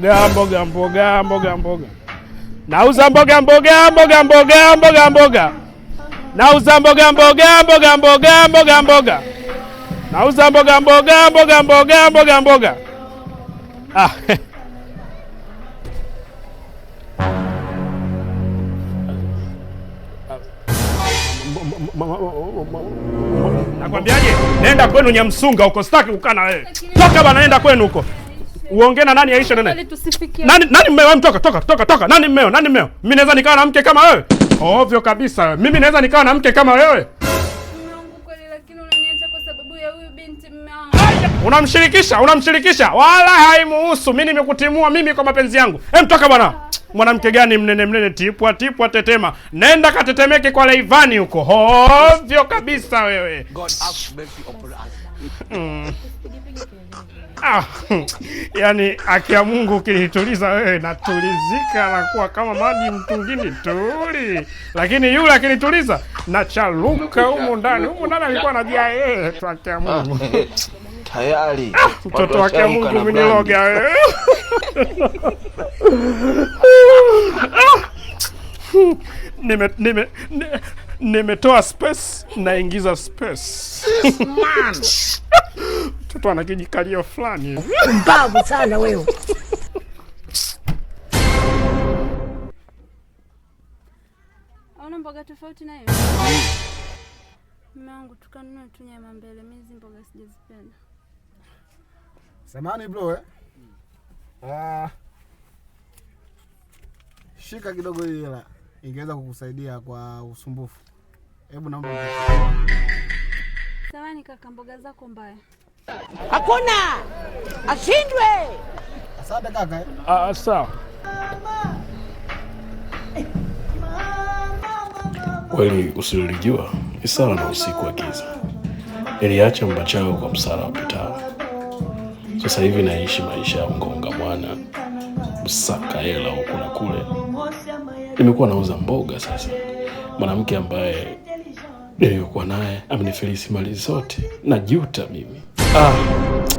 Mboga mboga mboga mboga, nauza mboga mboga mboga mboga mboga mboga, nauza mboga mboga mboga mboga mboga mboga, nauza mboga mboga mboga mboga mboga mboga. nakwambiaje, nenda kwenu Nyamsunga huko, sitaki kukaa na wewe, toka bana, nenda kwenu huko. Uongee na nani Aisha nene? Nani nani mmeo mtoka toka toka toka. Nani mmeo? Nani mmeo? Mimi naweza nikawa na mke kama wewe? Ovyo kabisa. Mimi naweza nikawa na mke kama wewe? Unamshirikisha, unamshirikisha. Wala haimuhusu. Mimi nimekutimua mimi kwa mapenzi yangu. Hem, toka bwana. Mwanamke gani mnene mnene, tipwa tipwa, tetema. Nenda katetemeke kwa Leivani huko. Ovyo kabisa wewe. God have mercy upon us. Mm. Ah, yani aki ya Mungu ukinituliza wewe natulizika, nakuwa kama maji mtungini tuli, lakini yule akinituliza nachaluka humu ndani. Humu ndani alikuwa anajia yeye eh, tu aki ya Mungu ah, eh, tayari ah, mtoto wake ya Mungu miniloga wewe ah, nime nime nimetoa space naingiza space. Mtoto ana kijikalio fulani. Mbavu sana wewe. Hauna mboga tofauti nayo? Mwanangu tukanunue tu nyama mbele, mimi hizi mboga sijazipenda. Samani bro eh? Ah. Shika kidogo hii hela ingeweza kukusaidia kwa usumbufu. Hebu naomba. Eh. Sawa kaka, mboga zako mbaya. Hakuna ashindwe. Asante kaka. Eh. Ah, ah, sawa. Kweli usilolijua isala na usiku wa giza, niliacha mbachangu kwa msala wa pitao. Sasa hivi naishi maisha ya mgonga mwana, msaka hela huku na kule nimekuwa nauza mboga sasa. Mwanamke ambaye niliyokuwa naye amenifilisi mali zote, najuta mimi ah.